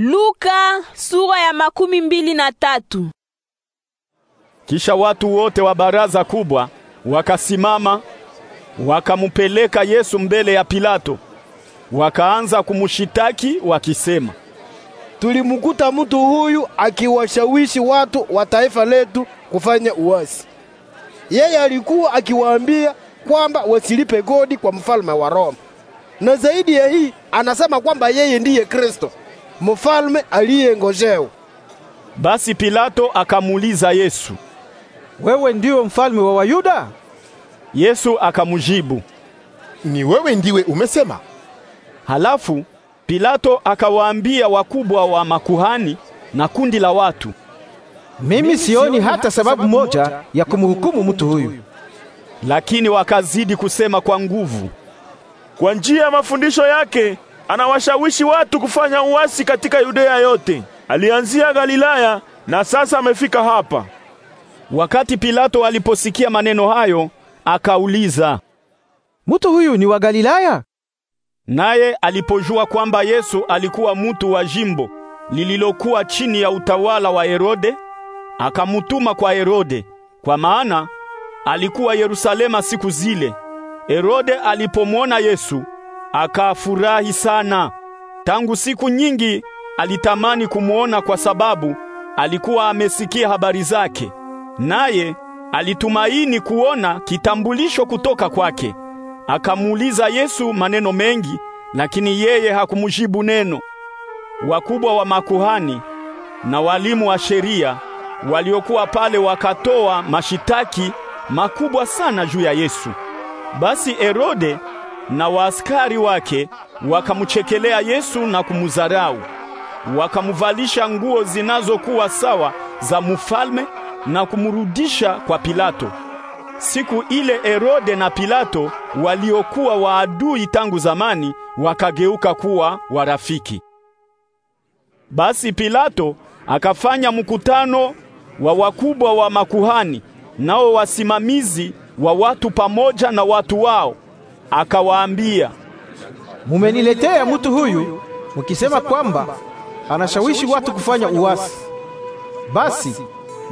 Luka sura ya makumi mbili na tatu. Kisha watu wote wa baraza kubwa wakasimama wakamupeleka Yesu mbele ya Pilato. Wakaanza kumushitaki wakisema, tulimukuta mtu huyu akiwashawishi watu wa taifa letu kufanya uasi. Yeye alikuwa akiwaambia kwamba wasilipe kodi kwa mfalme wa Roma, na zaidi ya hii anasema kwamba yeye ndiye Kristo mfalme aliyengojewa. Basi Pilato akamuuliza Yesu, wewe ndiwe mfalme wa Wayuda? Yesu akamjibu, ni wewe ndiwe umesema. Halafu Pilato akawaambia wakubwa wa makuhani na kundi la watu, mimi sioni hata sababu moja ya kumhukumu mtu huyu. Lakini wakazidi kusema kwa nguvu, kwa njia ya mafundisho yake anawashawishi watu kufanya uasi katika Yudea yote. Alianzia Galilaya na sasa amefika hapa. Wakati Pilato aliposikia maneno hayo, akauliza, Mtu huyu ni wa Galilaya? Naye alipojua kwamba Yesu alikuwa mtu wa jimbo lililokuwa chini ya utawala wa Herode, akamutuma kwa Herode, kwa maana alikuwa Yerusalema siku zile. Herode alipomwona Yesu akafurahi sana. Tangu siku nyingi alitamani kumwona kwa sababu alikuwa amesikia habari zake. Naye alitumaini kuona kitambulisho kutoka kwake. Akamuuliza Yesu maneno mengi, lakini yeye hakumjibu neno. Wakubwa wa makuhani na walimu wa sheria waliokuwa pale wakatoa mashitaki makubwa sana juu ya Yesu. Basi Herode na waaskari wake wakamchekelea Yesu na kumuzarau Wakamuvalisha nguo zinazokuwa sawa za mfalme na kumrudisha kwa Pilato. Siku ile Herode na Pilato waliokuwa waadui tangu zamani wakageuka kuwa warafiki. Basi Pilato akafanya mkutano wa wakubwa wa makuhani nao wasimamizi wa watu pamoja na watu wao akawaambia, mumeniletea mutu huyu mukisema kwamba anashawishi watu kufanya uasi. Basi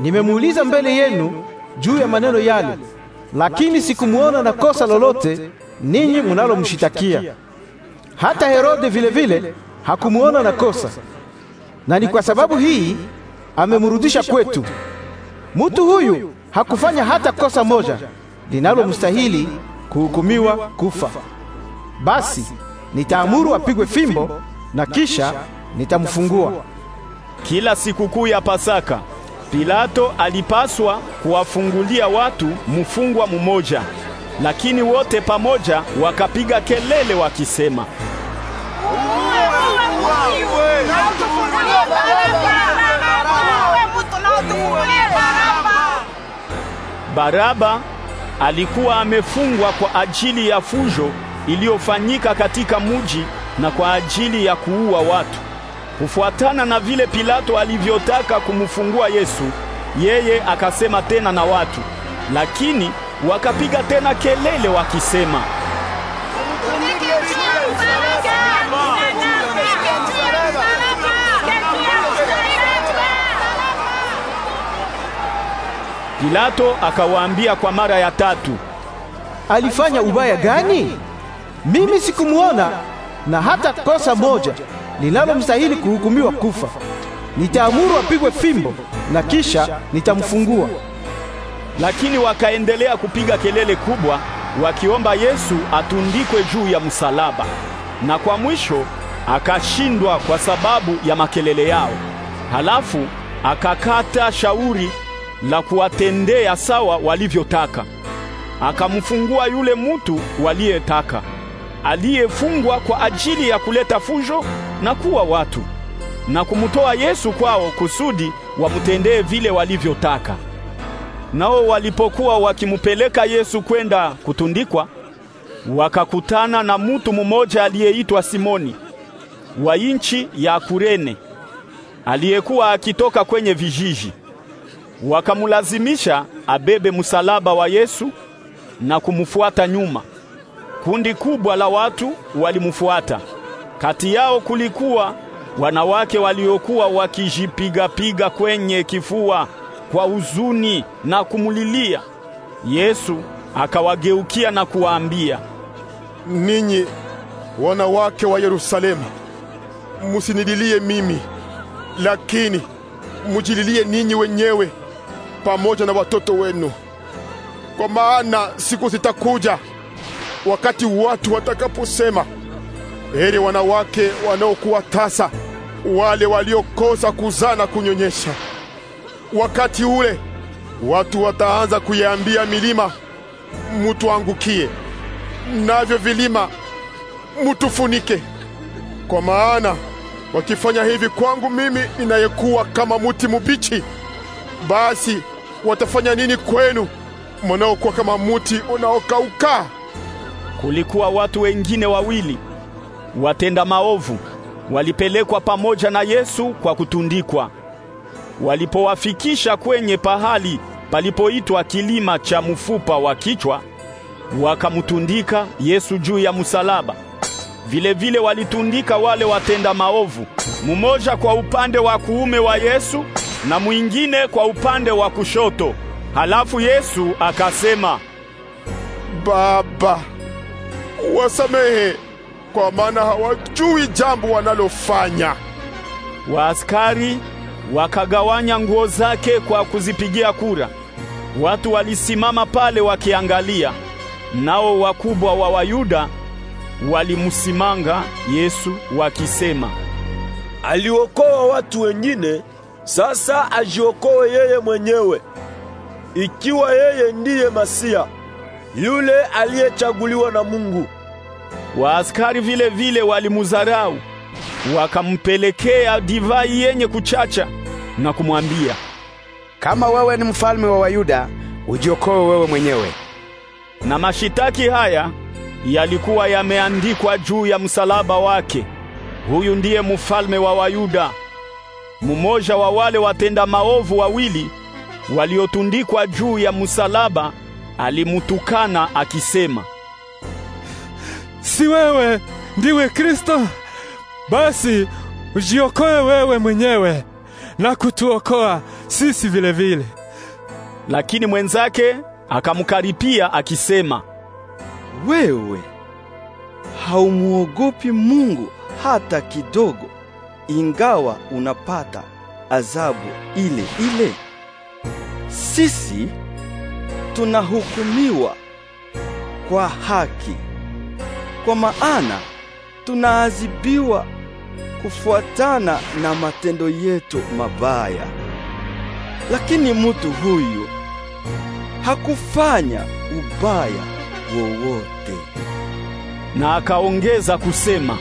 nimemuuliza mbele yenu juu ya maneno yale, lakini sikumuona na kosa lolote ninyi munalomshitakia. Hata Herode vilevile vile, hakumuona na kosa, na ni kwa sababu hii amemurudisha kwetu. Mutu huyu hakufanya hata kosa moja linalomstahili kuhukumiwa kufa. Basi nitaamuru apigwe fimbo na kisha nitamfungua. Kila sikukuu ya Pasaka Pilato alipaswa kuwafungulia watu mfungwa mmoja, lakini wote pamoja wakapiga kelele wakisema, Baraba alikuwa amefungwa kwa ajili ya fujo iliyofanyika katika muji na kwa ajili ya kuua watu. Kufuatana na vile Pilato alivyotaka kumfungua Yesu, yeye akasema tena na watu, lakini wakapiga tena kelele wakisema Pilato akawaambia kwa mara ya tatu, alifanya ubaya gani? Mimi sikumwona na hata kosa moja linalomstahili kuhukumiwa kufa. Nitaamuru apigwe fimbo na kisha nitamfungua. Lakini wakaendelea kupiga kelele kubwa wakiomba Yesu atundikwe juu ya msalaba, na kwa mwisho akashindwa kwa sababu ya makelele yao. Halafu akakata shauri la kuwatendea sawa walivyotaka. Akamfungua yule mutu waliyetaka, aliyefungwa kwa ajili ya kuleta fujo na kuwa watu, na kumtoa Yesu kwao kusudi wamtendee vile walivyotaka. Nao walipokuwa wakimupeleka Yesu kwenda kutundikwa, wakakutana na mutu mmoja aliyeitwa Simoni wa inchi ya Kurene, aliyekuwa akitoka kwenye vijiji wakamulazimisha abebe msalaba wa Yesu na kumfuata nyuma. Kundi kubwa la watu walimfuata. Kati yao kulikuwa wanawake waliokuwa wakijipigapiga kwenye kifua kwa huzuni na kumulilia. Yesu akawageukia na kuwaambia, ninyi wanawake wa Yerusalemu, musinililie mimi, lakini mujililie ninyi wenyewe pamoja na watoto wenu, kwa maana siku zitakuja wakati watu watakaposema, heri wanawake wanaokuwa tasa, wale waliokosa kuzaa na kunyonyesha. Wakati ule watu wataanza kuyaambia milima, mutuangukie, navyo vilima, mutufunike. Kwa maana wakifanya hivi kwangu mimi ninayekuwa kama muti mubichi, basi watafanya nini kwenu, mwanaokuwa kama muti unaokauka? Kulikuwa watu wengine wawili watenda maovu walipelekwa pamoja na Yesu kwa kutundikwa. Walipowafikisha kwenye pahali palipoitwa kilima cha mfupa wa kichwa, wakamtundika Yesu juu ya msalaba. Vilevile vile walitundika wale watenda maovu, mmoja kwa upande wa kuume wa Yesu na mwingine kwa upande wa kushoto. Halafu Yesu akasema, Baba, wasamehe kwa maana hawajui jambo wanalofanya. Waaskari wakagawanya nguo zake kwa kuzipigia kura. Watu walisimama pale wakiangalia, nao wakubwa wa Wayuda walimsimanga Yesu wakisema, aliokoa watu wengine sasa ajiokoe yeye mwenyewe ikiwa yeye ndiye Masia yule aliyechaguliwa na Mungu. Waaskari vile vile walimudharau, wakampelekea divai yenye kuchacha na kumwambia, kama wewe ni mfalme wa Wayuda, ujiokoe wewe mwenyewe. Na mashitaki haya yalikuwa yameandikwa juu ya msalaba wake, huyu ndiye mfalme wa Wayuda mmoja wa wale watenda maovu wawili waliotundikwa juu ya msalaba alimutukana akisema, si wewe ndiwe Kristo? Basi ujiokoe wewe mwenyewe na kutuokoa sisi vile vile. Lakini mwenzake akamkaripia akisema, wewe haumuogopi Mungu hata kidogo, ingawa unapata adhabu ile ile. Sisi tunahukumiwa kwa haki, kwa maana tunaadhibiwa kufuatana na matendo yetu mabaya. Lakini mutu huyu hakufanya ubaya wowote. Na akaongeza kusema,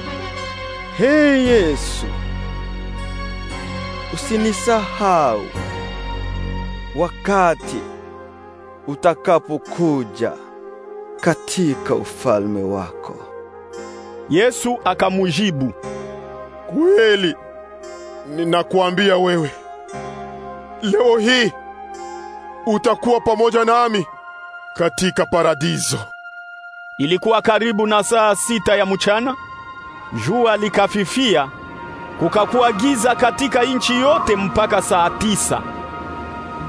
He Yesu usinisahau wakati utakapokuja katika ufalme wako. Yesu akamujibu, kweli ninakuambia wewe, leo hii utakuwa pamoja nami katika paradiso. Ilikuwa karibu na saa sita ya mchana, jua likafifia Kukakuwa giza katika nchi yote mpaka saa tisa.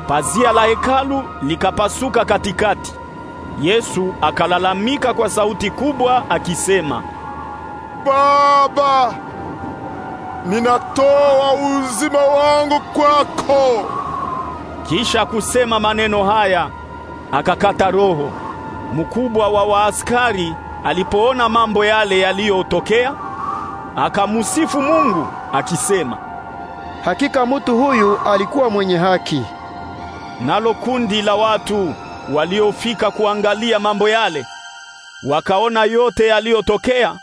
Pazia la hekalu likapasuka katikati. Yesu akalalamika kwa sauti kubwa akisema, Baba, ninatoa uzima wangu kwako. Kisha kusema maneno haya, akakata roho. Mkubwa wa waaskari alipoona mambo yale yaliyotokea, akamusifu Mungu akisema, hakika mtu huyu alikuwa mwenye haki. Nalo kundi la watu waliofika kuangalia mambo yale wakaona yote yaliyotokea,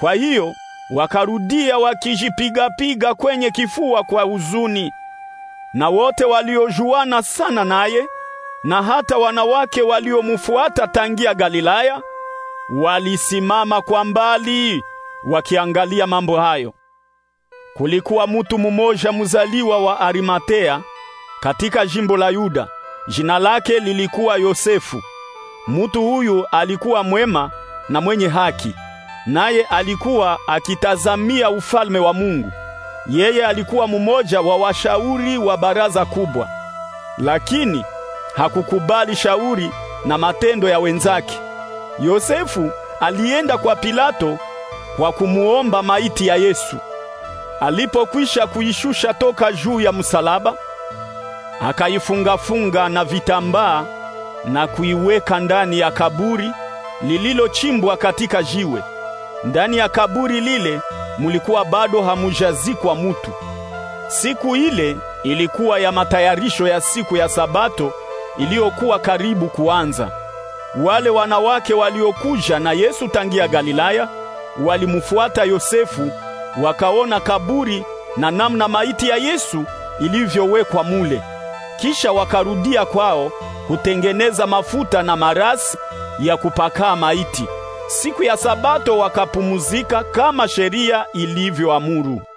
kwa hiyo wakarudia wakijipigapiga kwenye kifua kwa huzuni. Na wote waliojuana sana naye na hata wanawake waliomfuata tangia Galilaya walisimama kwa mbali wakiangalia mambo hayo. Kulikuwa mutu mumoja muzaliwa wa Arimatea katika jimbo la Yuda. Jina lake lilikuwa Yosefu. Mutu huyu alikuwa mwema na mwenye haki, naye alikuwa akitazamia ufalme wa Mungu. Yeye alikuwa mumoja wa washauri wa baraza kubwa, lakini hakukubali shauri na matendo ya wenzake. Yosefu alienda kwa Pilato kwa kumuomba maiti ya Yesu. Alipokwisha kuishusha toka juu ya msalaba, akaifunga-funga na vitambaa na kuiweka ndani ya kaburi lililochimbwa katika jiwe. Ndani ya kaburi lile mulikuwa bado hamujazikwa mutu. Siku ile ilikuwa ya matayarisho ya siku ya Sabato iliyokuwa karibu kuanza. Wale wanawake waliokuja na Yesu tangia Galilaya walimfuata Yosefu Wakaona kaburi na namna maiti ya Yesu ilivyowekwa mule. Kisha wakarudia kwao kutengeneza mafuta na marasi ya kupakaa maiti. Siku ya Sabato wakapumuzika kama sheria ilivyoamuru.